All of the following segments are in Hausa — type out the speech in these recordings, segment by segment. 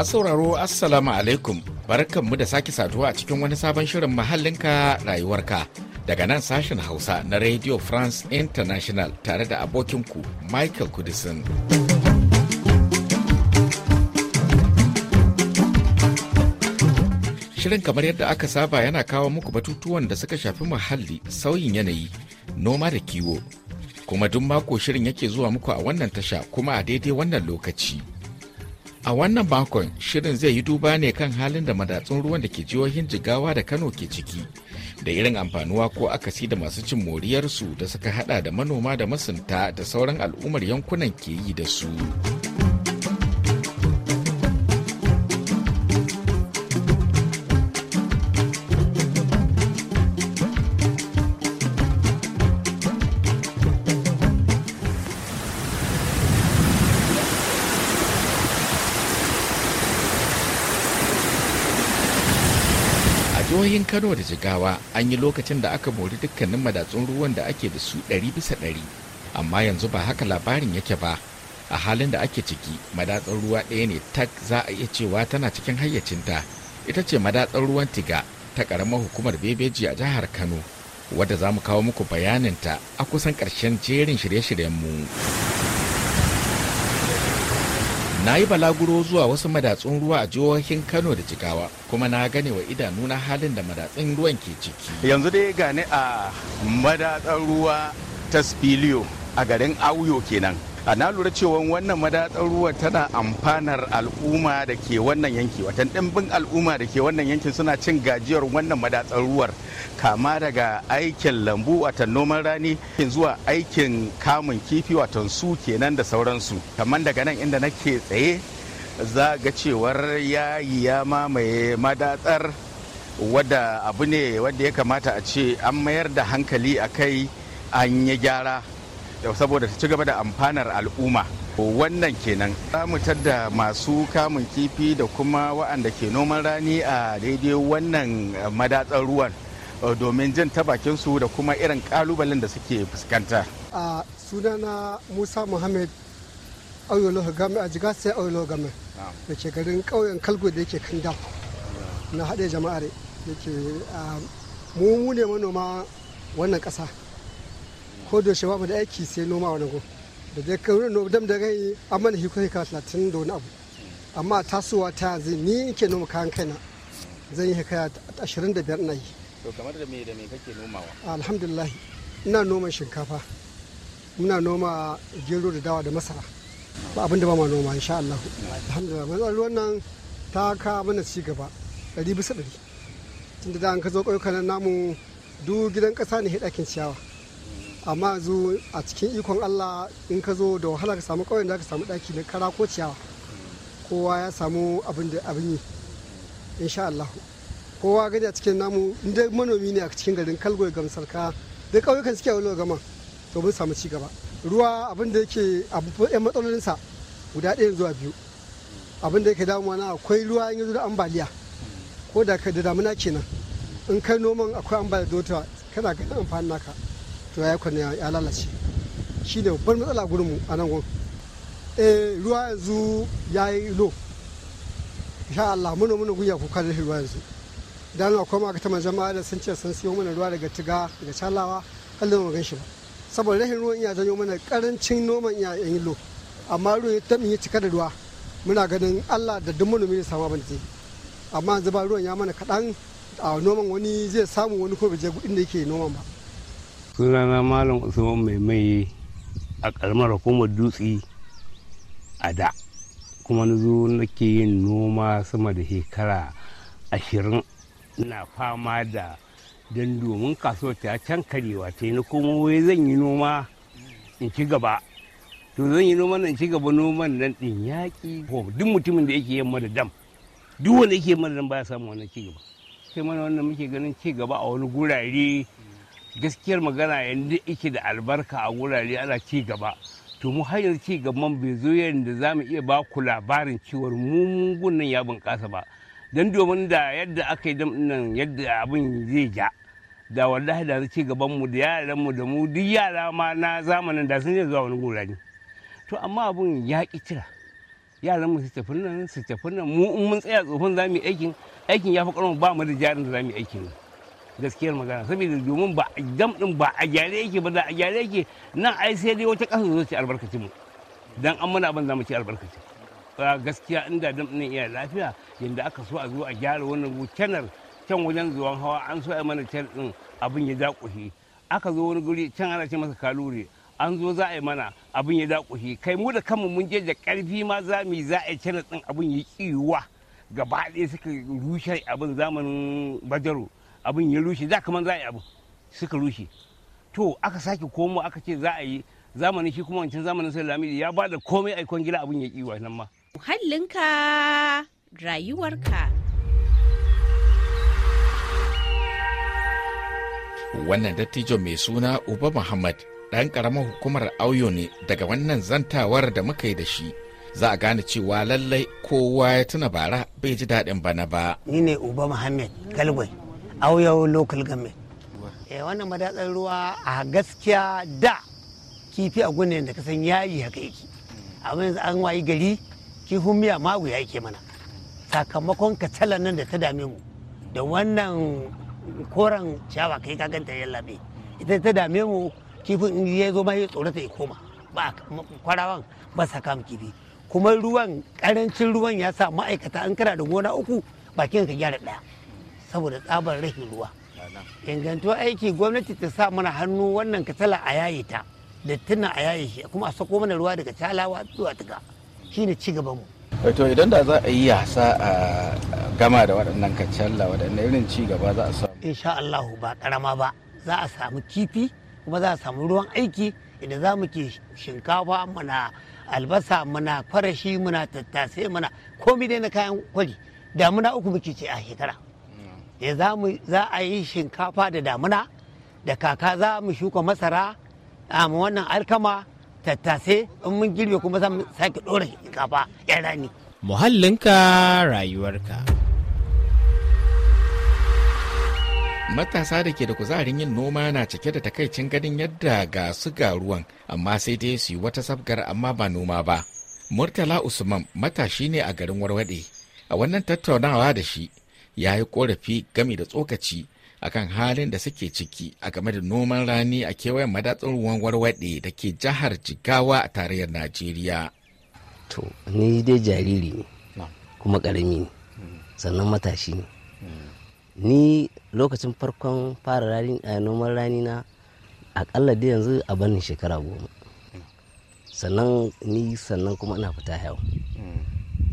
Masu sauraro Assalamu alaikum barkanmu da sake saduwa a cikin wani sabon shirin mahallinka rayuwarka daga nan sashen Hausa na Radio France International tare da abokinku Michael Kudisin. Shirin kamar yadda aka saba yana kawo muku batutuwan da suka shafi muhalli, sauyin yanayi, noma da kiwo. Kuma duk mako shirin yake zuwa muku a wannan tasha kuma a daidai wannan lokaci. A wannan bakon shirin zai yi duba ne kan halin da madatsun ruwan da ke jihohin Jigawa da Kano ke ciki da irin amfanuwa ko akasi da masu cin moriyarsu da suka hada da manoma da masunta da sauran al'ummar yankunan ke yi da su. jihohin kano da jigawa an yi lokacin da aka mori dukkanin madatsun ruwan da ake da su ɗari bisa ɗari amma yanzu ba haka labarin yake ba a halin da ake ciki madatsar ruwa ɗaya ne tak za a iya cewa tana cikin hayyacinta ita ce madatsar ruwan tiga ta ƙaramar hukumar bebeji a jihar kano wadda za mu kawo muku bayaninta a kusan ƙarshen jerin shirye-shiryenmu. mu na yi balaguro zuwa wasu madatsun ruwa a jihohin kano da jigawa kuma na gane wa idanu na halin da madatsun ruwan ke ciki yanzu dai gane a madatsan ruwa ta spilio a garin auyo kenan a na lura cewa wannan madatsar ruwa tana amfanar al'umma da ke wannan yanki watan ɗimbin al'umma da ke wannan yankin suna cin gajiyar wannan madatsar ruwar kama daga aikin lambu watan noman rani zuwa aikin kamun kifi watan su kenan da sauransu kamar daga nan inda nake tsaye za ga cewar yayi ya mamaye madatsar wadda abu ne wadda ya kamata a ce an mayar da hankali a kai an yi gyara saboda ta ci gaba da amfanar al'umma wannan kenan za mu tadda masu kamun kifi da kuma wa'anda ke noman rani a daidai wannan eh, madatsar ruwan eh, domin jin ta su da kuma irin kalubalen da suke fuskanta a sunana musa muhammad auyolo game a jiga sai auyolo game da ke garin kauyen kalgo da yake kan dam na haɗe jama'ar da ke mu ne manoma wannan ƙasa ko da shi ba mu da aiki sai noma a wani da dai ka wurin dam da gai an mana hikuri ka talatin da wani abu amma tasowa ta yanzu ni ke noma kayan kaina zan yi hikaya ashirin da biyar na yi. to kamar da me da me kake nomawa. alhamdulillah ina noma shinkafa muna noma gero da dawa da masara ba abin da ba ma noma insha Allah alhamdulillah matsalar ruwan nan ta ka mana ci gaba ɗari bisa ɗari tunda da an ka zo ƙauyukan namu duk gidan ƙasa ne ɗakin ciyawa amma zu a cikin ikon allah in ka zo da wahala ka samu ƙauyen da ka samu ɗaki na kara ko ciyawa kowa ya samu abin da abin yi insha allah kowa gani a cikin namu inda manomi ne a cikin garin kalgo ya gamsar ka da ƙauyukan suke wani gama to mun samu ci gaba. ruwa abin da yake yan sa guda ɗaya zuwa biyu abin da yake damuwa na akwai ruwa in yanzu da ambaliya ko da ka da damuna kenan in kai noman akwai ambaliya da kana ganin amfani naka to ya kwanne ya lalace shi ne babbar matsala gurinmu a nan gun eh ruwa yanzu ya yi lo sha Allah muna muna gunya kuka da ruwa yanzu dan na ma ga taman jama'a da sun ce sun siyo mana ruwa daga tiga daga chalawa kallon mu gan shi ba saboda rahin ruwan iya janyo mana karancin noman iya yin lo amma ruwan ya tabi ya cika da ruwa muna ganin Allah da duk manomi ne samu abinci amma yanzu ba ruwan ya mana kaɗan a noman wani zai samu wani ko bai je inda yake noman ba sunana malam usman mai mai a kalmar hukumar dutse a da kuma na zo nake yin noma sama da shekara ashirin na fama da don domin kasuwar ta can karewa ta yi na komo wai zan yi noma in ci gaba to zan yi noma nan ci gaba noman nan din yaƙi duk mutumin da yake yin da dam duk wanda yake yin madadam dam baya samu wani ci gaba sai mana wannan muke ganin ci gaba a wani gurare gaskiyar magana yadda ike da albarka a wurare ana ci gaba to mu hanyar ci gaban bai zo yadda za mu iya ba ku labarin cewar mugun nan ya bunƙasa ba don domin da yadda aka yi nan yadda abin zai ja da wallahi da ci gaban mu da yaran mu da mu duk yara ma na zamanin da sun zuwa wani gurare to amma abin ya ƙi cira yaran mu su tafi nan su tafi nan mu in mun tsaya tsofin za mu yi aikin aikin ya fi ƙarfin ba mu da jarin da za mu yi aikin gaskiyar magana saboda domin ba dam din ba a gyare yake ba da a gyare yake nan ai sai dai wata kasa zo ci albarkacin mu dan an muna ban zama ce ci albarkacin gaskiya inda dam din iya lafiya yanda aka so a zo a gyara wannan channel can wajen zuwan hawa an so a mana can din abin ya dakushe aka zo wani guri can ana ce masa kalure an zo za a yi mana abin ya dakushe kai mu da kanmu mun je da karfi ma za mu za a channel din abin ya kiwa gaba ɗaya suka rushe abin zamanin bajaro abin ya rushe za kamar za a yi abu suka rushe to aka sake komo aka ce za a yi zamanin shi kuma wancan zamanin sai lamidi ya bada komai aikon gida abin ya kiwa nan ma muhallinka rayuwarka wannan dattijo mai suna uba muhammad dan karamar hukumar auyo ne daga wannan zantawar da muka yi da shi za a gane cewa lallai kowa ya tuna bara bai ji daɗin bana ba ni ne uba muhammad galwai auyau local eh wannan madatsar ruwa a gaskiya da kifi a gune da kasan yayi haka yake mm. abin yanzu an wayi gari kifin miya magu ya yake mana sakamakon kacalan nan da ta dame mu da wannan koren ciyawa kai ka ganta ya labe mm. ita ta dame mu kifin ya zo ma ya tsorata ya koma ba kwarawan ba sa kam kifi kuma ruwan karancin ruwan ya sa ma'aikata an kana da gona uku bakin ka gyara daya saboda tsabar rashin ruwa ingantuwar aiki gwamnati ta sa mana hannu wannan katala a yaye ta da tuna a yaye shi kuma a sako mana ruwa daga talawa zuwa tuga shine ci gaban mu eh, to idan da za a yi yasa a gama da waɗannan kacalla waɗannan irin ci gaba za a samu insha Allah ba karama ba za a samu kifi kuma za a samu ruwan aiki idan za mu ke shinkafa muna albasa muna farashi muna tattasai muna komai dai na kayan kwali, damuna uku muke ce a shekara ya za a yi shinkafa da damuna da kaka za mu shuka masara a wannan alkama tattase in mun girbe kuma za mu sake ɗora shinkafa yan rani. Muhallinka rayuwarka. Matasa da ke da kuzarin yin noma na cike da takaicin ganin yadda ga su ga ruwan amma sai dai su yi wata sabgar amma ba noma ba. Murtala Usman matashi ne a garin Warwade. A wannan tattaunawa da shi ya yi korafi game da tsokaci akan halin da suke ciki a game da noman rani a kewayen madatsun ruwan warwaɗe da ke jihar jigawa a tarayyar najeriya to ni dai jariri ne kuma ƙarami ne sannan matashi ne hmm. ni lokacin farkon fara rani a eh, noman rani na akalla da yanzu a banin shekara goma hmm. sannan ni sannan kuma ina fita yau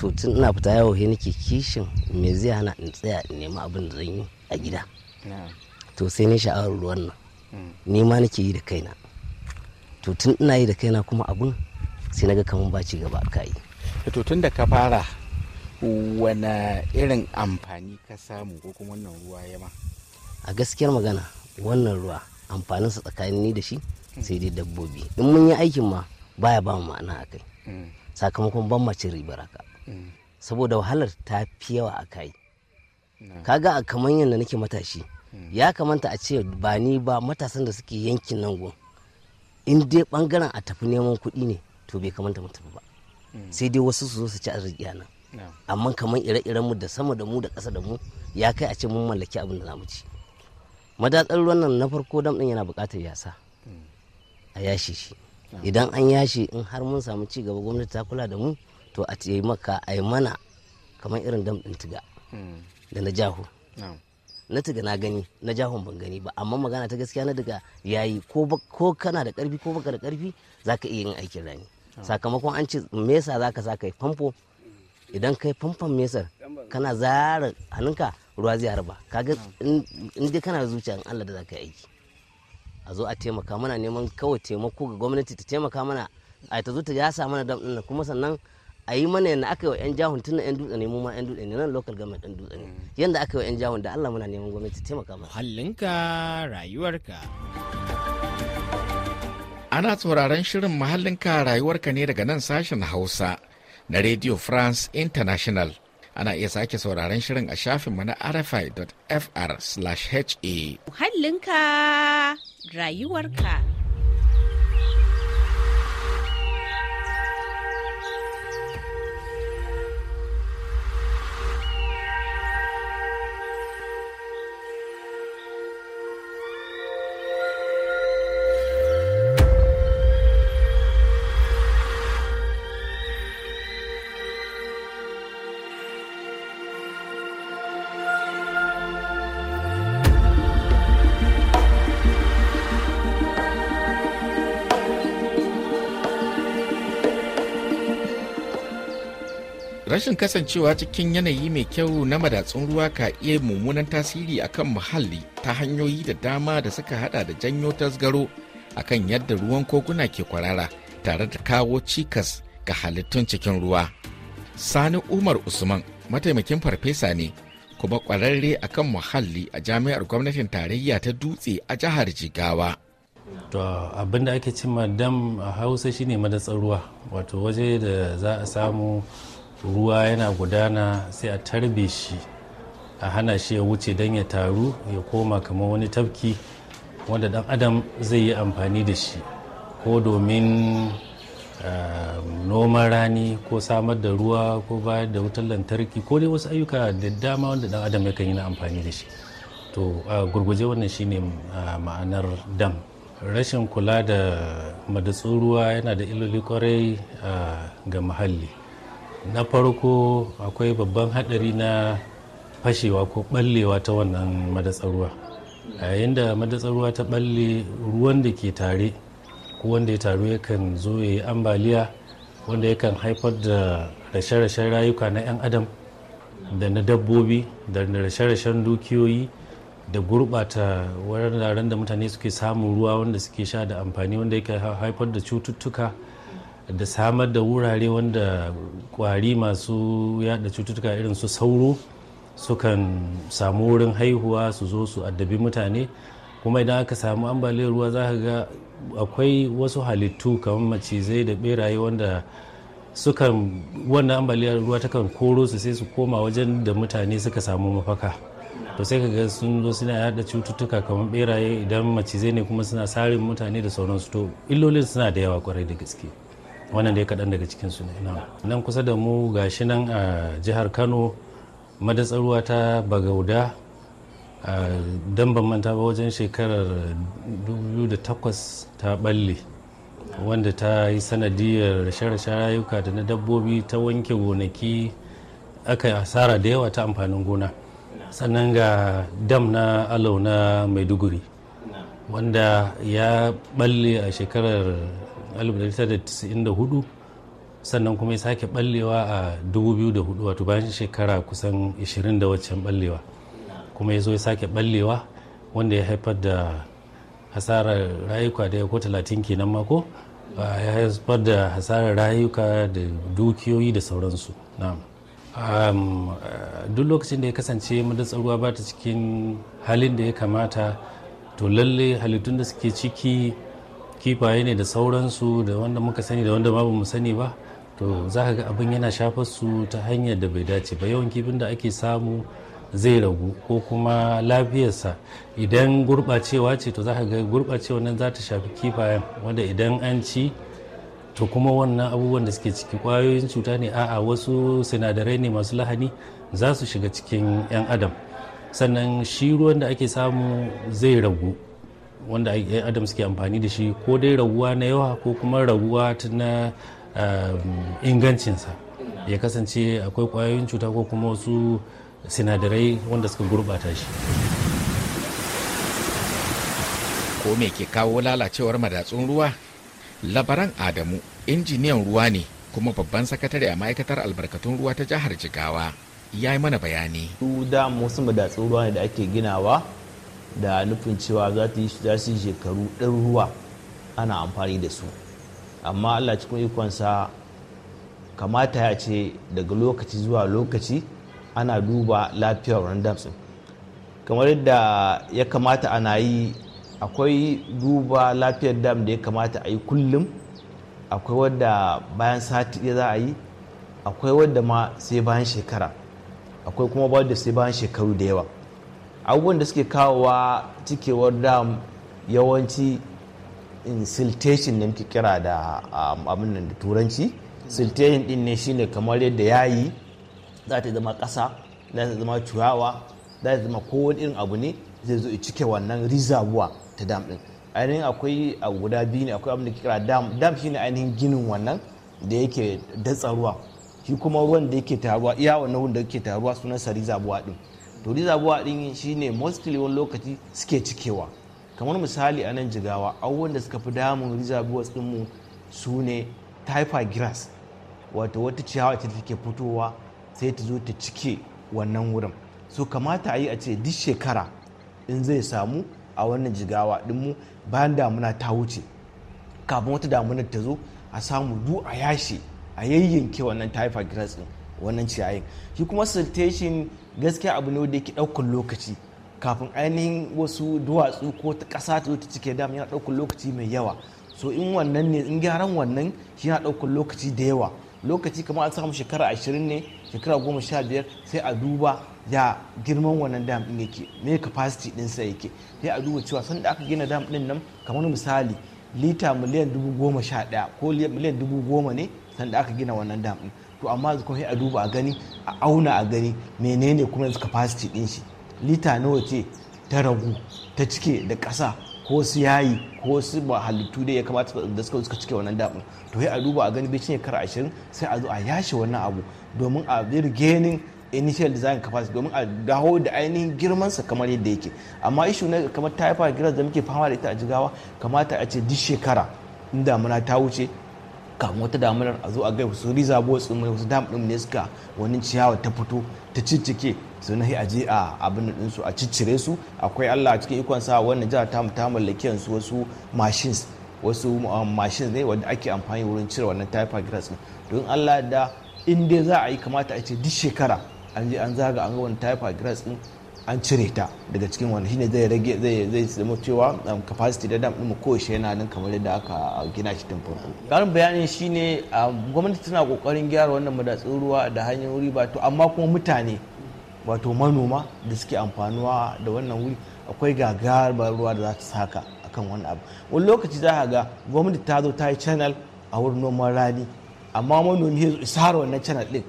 to tun ina fita yawo sai nake kishin me zai hana in tsaya in nemi abin da zan yi a gida to sai ni sha'awar ruwan nan hmm. ni ma nake yi da kaina to tun ina yi da kaina kuma abun sai naga kaman kamar ba ci gaba ka yi to tun da ka fara wani irin amfani ka samu ko kuma wannan ruwa ya a gaskiyar magana wannan ruwa sa tsakanin ni da shi hmm. sai dai dabbobi in mun yi aikin ma baya ba mu ma'ana a kai hmm. sakamakon ban mace ribar haka saboda wahalar ta fi yawa a kai kaga a kamar yadda nake matashi hmm. ya kamanta a ce ba ni ba matasan da suke yankin nan gun in dai bangaren a tafi neman kuɗi ne to bai kamanta mu tafi ba hmm. sai dai wasu su zo su ci arziki nan amma kamar ire-iren mu da sama da mu da ƙasa da mu ya kai a ce mun mallaki abin da zamu ci madatsar ruwan na farko dam din yana buƙatar yasa hmm. a yashe shi idan an yashi in har mun samu ci gaba gwamnati ta kula da mu to a ce maka a yi mana kamar irin dam ɗin hmm. da na jahu na tiga na gani na jahun ban gani ba amma magana ta gaskiya na daga yayi ko kana da karfi ko baka da karfi zaka iya yin aikin rani sakamakon an ce mesa zaka sa kai famfo idan kai famfon mesar kana zara hannunka ruwa zai harba kaga in dai kana zuciya in Allah da zaka yi aiki a zo a taimaka mana neman kawai taimako ga gwamnati ta taimaka mana a ta zo ta ya sa mana dam kuma sannan a yi mana yana aka yi wa 'yan jahun tun yan dutse ne mu ma 'yan dutse ne nan local government 'yan dutse ne mm. yanda aka yi wa 'yan jahun da Allah muna neman gwamnati taimaka mana hallinka rayuwarka ana sauraron shirin mahallinka rayuwarka ne daga nan sashen Hausa na Radio France International ana iya sake sauraron shirin a shafinmu na rfi.fr/ha. Muhallinka rayuwarka. rashin kasancewa cikin yanayi mai kyau na madatsun ruwa ka iya mummunan tasiri akan muhalli ta hanyoyi da dama da suka hada da janyo tasgaro akan yadda ruwan koguna ke kwarara tare da kawo cikas ga halittun cikin ruwa sani umar usman mataimakin farfesa ne kuma kwararre akan muhalli a jami'ar gwamnatin tarayya ta dutse a jihar jigawa to abin ake cimma dam a hausa shine madatsar ruwa wato waje da za a samu ruwa yana gudana sai a tarbe shi a hana shi ya wuce don ya taru ya koma kamar wani tafki wanda dan adam zai yi amfani da shi ko domin eh, noman rani ko samar da ruwa ko bayar da wutar lantarki ko dai wasu ayyuka da dama wanda dan adam yakan yi na amfani da shi to gurguje wannan shine ma'anar dam rashin kula da madatsun ruwa yana da illoli kwarai ga muhalli na farko akwai babban hadari na fashewa ko ballewa ta wannan madatsaruwa yayin da madatsaruwa ta balle ruwan da ke tare ko wanda ya taru yakan zo ya yi ambaliya wanda yakan haifar da rashe-rashen rayuka na 'yan adam da na dabbobi da rashe-rashen dukiyoyi da gurɓata wuraren da mutane suke samun ruwa wanda suke sha da amfani wanda yake haifar da cututtuka da samar da wurare wanda kwari masu yada cututtuka irin su sauro sukan samu wurin haihuwa su zo su addabi mutane kuma idan aka samu ambaliyar ruwa za ga akwai wasu halittu kamar macizai da beraye wanda sukan wannan ambaliyar ruwa takan koro su sai su koma wajen da mutane suka samu mafaka to sai ga sun zo suna yada cututtuka kamar beraye idan macizai ne kuma suna sarin mutane da sauransu to illolin suna da yawa kwarai da gaske wannan dai kaɗan daga cikinsu ne nan kusa da mu ga shi nan a jihar kano madatsaruwa ta bagauda a ban manta ba wajen shekarar 2008 ta balle wanda ta yi sanadiyar rashe-rashen rayuka da na dabbobi ta wanke gonaki aka yi asara da yawa ta amfanin gona sannan ga dam na alau na maiduguri wanda ya balle a shekarar 1994 sannan kuma ya sake ballewa a 2004 wato bayan shekara kusan 20 da waccan ballewa kuma ya zo ya sake ballewa wanda ya haifar da hasarar rayuka da ko 30 kenan mako ya haifar da hasarar rayuka da dukiyoyi da sauransu duk lokacin da ya kasance madatsar ruwa ba ta cikin halin da ya kamata to lalle halittun da suke ciki kifaye ne da sauransu da wanda muka sani da wanda babu mu sani ba to za ka ga abin yana shafar su ta hanyar da bai dace ba yawan kifin da ake samu zai ragu ko kuma lafiyarsa idan gurɓacewa ce to za ka ga gurɓacewa nan za ta shafi kifayen wanda idan an ci to kuma wannan abubuwan da suke ciki kwayoyin cuta ne a'a wasu sinadarai ne masu lahani za su shiga cikin 'yan adam sannan shi ruwan da ake samu zai ragu wanda yan adam suke amfani da shi ko dai raguwa na yawa ko kuma raguwa na um, ingancinsa ya kasance akwai kwayoyin cuta ko kuma wasu sinadarai wanda suka gurbata shi ko me ke kawo lalacewar madatsun ruwa labaran adamu injiniyan ruwa ne kuma babban sakatare a ma'aikatar albarkatun ruwa ta jihar jigawa ya yi mana bayani su da wasu madatsun ruwa ne da ake ginawa da nufin cewa za su yi shekaru ɗin ruwa ana amfani da su amma allah cikin ikonsa kamata ya ce daga lokaci zuwa lokaci ana duba lafiyar wannan kamar yadda ya kamata ana yi akwai duba lafiyar dam da ya kamata a yi kullum akwai wadda bayan sati ya za a yi akwai wadda ma sai bayan shekara akwai kuma wadda sai bayan shekaru da yawa abubuwan da suke kawowa cikewar dam yawanci insultation da muke kira da um, abin da turanci siltation din ne shine kamar yadda yayi za ta zama kasa za ta zama ciyawa za ta zama kowane irin abu ne zai zo cike wannan rizabuwa ta dam din ainihin akwai a guda biyu ne akwai abin da kira dam dam shine ainihin ginin wannan da yake datsa ruwa shi kuma ruwan da yake taruwa iya wannan da yake taruwa sunan sa rizabuwa din to rizabuwa din shine mostly wani lokaci suke cikewa kamar misali a nan jigawa abubuwan da suka fi damun rizabuwa mu sune ne typha grass wato wata ciyawa ce take fitowa sai ta zo ta cike wannan wurin so kamata a yi a ce duk shekara in zai samu a wannan jigawa mu, bayan damuna ta wuce kafin wata damunar ta zo a samu du a yashi, a yayyanke wannan typha grass din wannan ciyayin shi kuma siltation gaskiya abu ne wanda yake ɗaukar lokaci kafin ainihin wasu duwatsu ko ta ƙasa ta ta cike dam yana ɗaukar lokaci mai yawa so in wannan ne in gyaran wannan shi yana ɗaukar lokaci da yawa lokaci kamar an samu shekara ashirin ne shekara goma sha biyar sai a duba ya girman wannan dam ɗin yake me capacity ɗin sai yake sai a duba cewa sanda aka gina dam ɗin nan kamar misali lita miliyan dubu goma sha ɗaya ko miliyan dubu goma ne sanda aka gina wannan dam ɗin to amma yanzu kuma a duba a gani a auna a gani menene kuma yanzu capacity din shi lita nawa ce ta ragu ta cike da ƙasa ko su yayi ko su ba halittu da ya kamata da suka suka cike wannan daɓin to sai a duba a gani bai cinye kar ashirin sai a zo a yashi wannan abu domin a birgenin initial design capacity domin a dawo da ainihin girmansa kamar yadda yake amma ishu na kamar typhoid grass da muke fama da ita a jigawa kamata a ce duk shekara in damuna ta wuce kafin wata damarar a zo a gaifu su riza bo su mai wasu dam din ne suka wani ciyawa ta fito ta ciccike su nahi a je a abin din su a ciccire su akwai Allah cikin ikon sa wannan jihar ta mu ta mallaki su wasu machines wasu um, machines ne wanda ake amfani wurin cire wannan typhoid grass don Allah da in dai za a yi kamata a ce duk shekara an je an zaga an ga wani taifa grass din an cire ta daga cikin wani shine zai rage zai zai zama cewa um, capacity da dam ko kowace yana nan kamar yadda aka gina shi tun farko karin bayanin shine um, gwamnati tana kokarin gyara wannan madatsin ruwa da hanyoyin riba to amma kuma mutane wato manoma da suke amfanuwa da wannan wuri akwai gagarumar ruwa da za ta saka akan wani abu wani lokaci za ka ga gwamnati ta zo ta yi channel a wurin noman rani amma manomi ya zo wannan channel din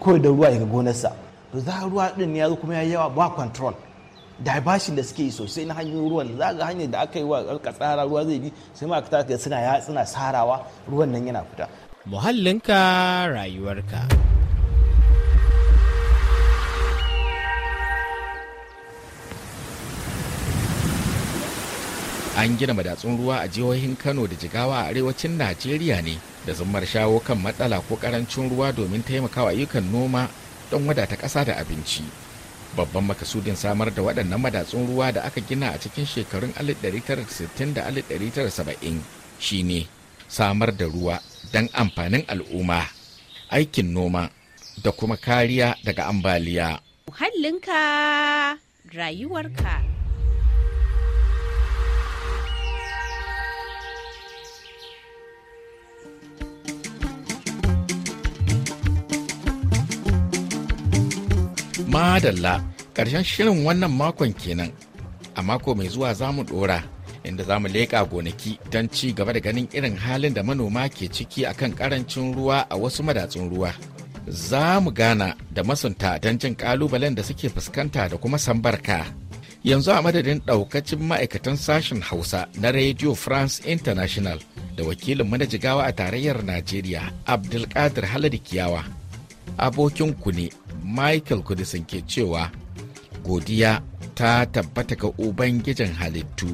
kawai da ruwa ya ga gonarsa za ruwa din ya zo kuma ya yawa ba control bashin da suke yi sosai na hanyoyin ruwan za ga hanyar da aka yi wa tsara ruwa zai bi sai ma ka ga suna ya suna sarawa ruwan nan yana fita muhallinka rayuwarka an gina madatsun ruwa a jihohin kano da jigawa a arewacin najeriya ne da zumar shawo kan matsala ko karancin ruwa domin taimakawa ayyukan noma don wadata ƙasa da abinci babban makasudin samar da waɗannan madatsun ruwa da aka gina a cikin shekarun 1960 da 1970 shine samar da ruwa don amfanin al'umma aikin noma da kuma kariya daga ambaliya. Muhallinka rayuwarka. madalla ƙarshen shirin wannan makon kenan a mako mai zuwa za mu ɗora inda za mu leƙa gonaki don ci gaba da ganin irin halin da manoma ke ciki akan ƙarancin ruwa a wasu madatsun ruwa za mu gana da masunta don jin ƙalubalen da suke fuskanta da kuma sambarka yanzu a madadin ɗaukacin ma'aikatan sashen hausa na radio france international da wakilin mana jigawa a tarayyar najeriya abdulkadir haladi kiyawa abokin ku ne michael kudisin ke cewa godiya ta tabbata ga ubangijin halittu.